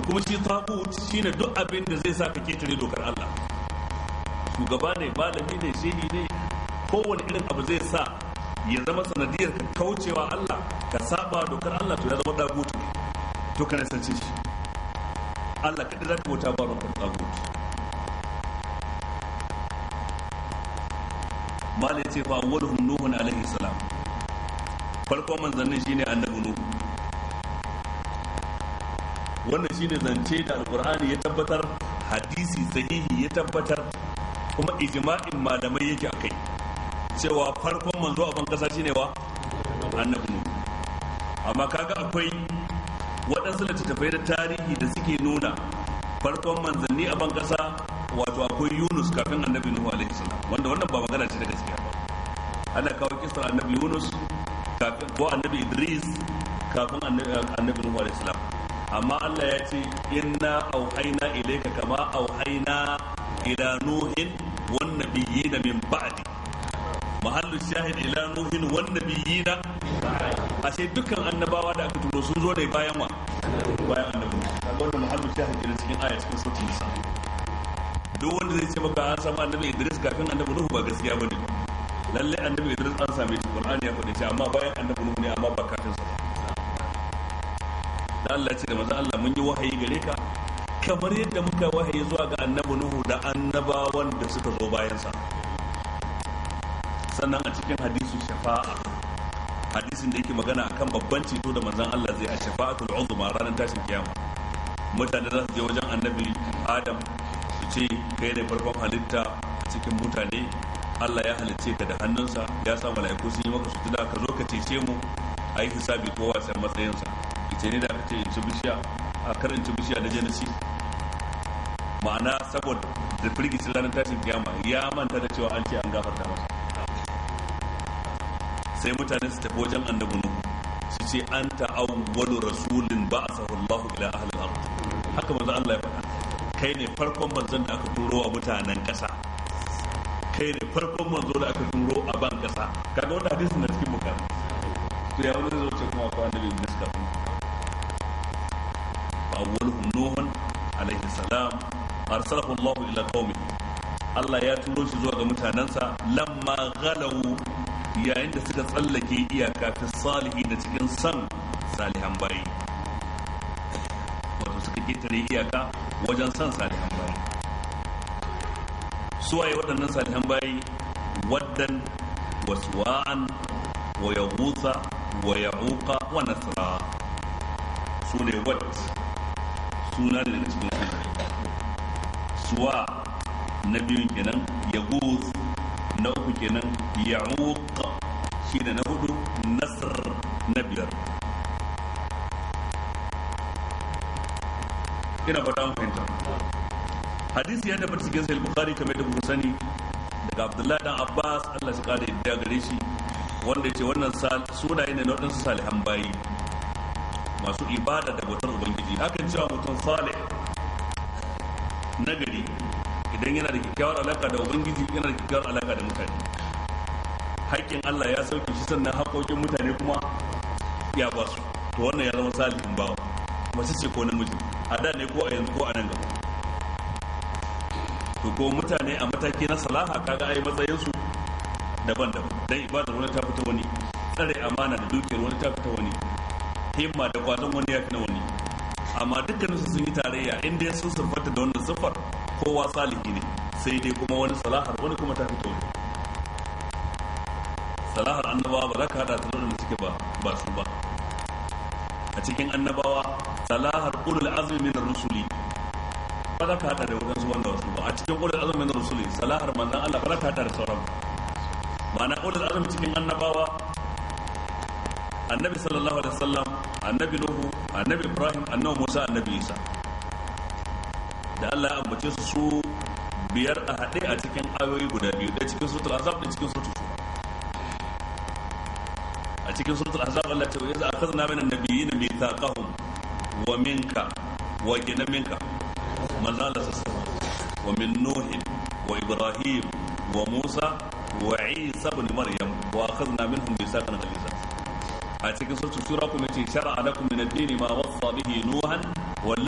to kuma shi tagut shine duk abin da zai sa ka ketare dokar Allah shugaba ne malami ne shehi ne kowane irin abu zai sa ya zama sanadiyar ka kaucewa Allah ka saba dokar Allah to ya zama tagut to ka nasance shi Allah kada za ka bauta ba rukun tagut malai ce fa awwaluhum nuhun alaihi salam farkon manzannin shine annabi nuhu wannan shine zance da alkur'ani ya tabbatar hadisi sahihi ya tabbatar kuma ijma'in malamai yake akai cewa farkon manzo a kasa shine wa annabi amma kaga akwai waɗansu littattafai da tarihi da suke nuna farkon manzanni a ban wato akwai yunus kafin annabi nuhu alaihi salam wanda wannan ba magana ce da gaskiya ba ana kawo kisar annabi yunus ko annabi idris kafin annabi nuhu alaihi salam amma Allah ya ce inna auhaina ilayka kama auhaina ila nuhin wan nabiyina min ba'di mahallu shahid ila nuhin wan nabiyina ashe dukkan annabawa da aka turo sun zo da bayan wa bayan annabi wannan mahallu shahid ne cikin aya cikin sautin sa duk wanda zai ce maka an samu annabi Idris kafin annabi Nuhu ba gaskiya bane lalle annabi Idris an same shi Qur'ani ya faɗi shi amma bayan annabi Nuhu ne amma ba kafin sa ba da Allah ce da maza Allah mun yi wahayi gare ka kamar yadda muka wahayi zuwa ga annabi nuhu da annabawan da suka zo bayansa sannan a cikin hadisu shafa'a hadisin da yake magana akan babban ceto da mazan Allah zai a shafa'atul uzma ranar tashin kiyama mutane za su je wajen annabi adam su ce kai ne farkon halitta a cikin mutane Allah ya halicce ka da hannunsa ya sa mala'iku sun yi maka sujuda ka zo ka cece mu a yi hisabi kowa sai matsayinsa rikice ne da aka ce in ci bishiya a kar in ci bishiya da janasi ma'ana saboda da firgici ranar tashin kiyama ya manta da cewa an ce an gafarta masa sai mutane su tafi wajen annabi nuhu su ce an ta'awwalu rasulin ba'athahu Allah ila ahli al-ard haka manzo Allah ya faɗa kai ne farkon manzon da aka turo wa mutanen ƙasa kai ne farkon manzo da aka turo a ban ƙasa kaga wannan hadisin na cikin bukari to ya wani zo ce kuma akwai annabi miskafin awwaluhum nuhun alaihi salam arsalahu Allah ila qaumi Allah ya turo shi zuwa ga mutanansa lamma ghalawu yayin da suka tsallake iyaka ta salihi da cikin san salihan bayi wato suka ketare iyaka wajen san salihan bayi waye waɗannan salihan bayi waddan wasuwa'an wa yaghutha wa ya'uqa wa nasra su ne suna da cikin suwa na biyun kenan ya na uku kenan ya shi da na hudu nasar na biyar ina faɗa mu fahimta hadisi ya tabbata cikin sahih bukhari kamar da kuka sani daga abdullahi dan abbas Allah shi kare da gare shi wanda ce wannan sunaye ne na wadansu salihan bayi masu ibada da bautar ubangiji akan cewa mutum salih nagari idan yana da kyakkyawar alaka da ubangiji yana da kyakkyawar alaka da mutane haƙƙin Allah ya sauke shi sannan haƙoƙin mutane kuma ya ba su to wannan ya zama salihin bawa mace ce ko namiji a da ne ko a yanzu ko a nan gaba to ko mutane a mataki na salaha kaga ai matsayinsu daban-daban dan ibadar wani ta fita wani tsare amana da dukiyar wani ta fita wani tema da kwanan wani ya fi na wani amma su sun yi tarayya inda ya sun siffanta da wannan siffar kowa salihi ne sai dai kuma wani salahar wani kuma ta fito ne salahar annabawa ba za ka hada ta da suke ba ba su ba a cikin annabawa salahar ulul azmi min rusuli ba za ka hada da wadansu wanda wasu ba a cikin ulul azmi min rusuli salahar manzon Allah ba za ka hada da sauran ma'ana ulul azmi cikin annabawa annabi sallallahu alaihi wasallam annabi nuhu annabi ibrahim annabi musa annabi isa da Allah ya ambace su su biyar a haɗe a cikin ayoyi guda biyu ɗaya cikin suratul azab da cikin suratul a cikin suratul azab Allah ta yanzu akhadna min annabiyina mithaqahum wa minka wa gina minka manzo Allah sallallahu wa min nuhin wa ibrahim wa musa wa isa ibn maryam wa akhadna minhum mithaqan ghaliza a cikin sautin sura kuma ce shar'a lakum min ad-din ma wasa bihi nuhan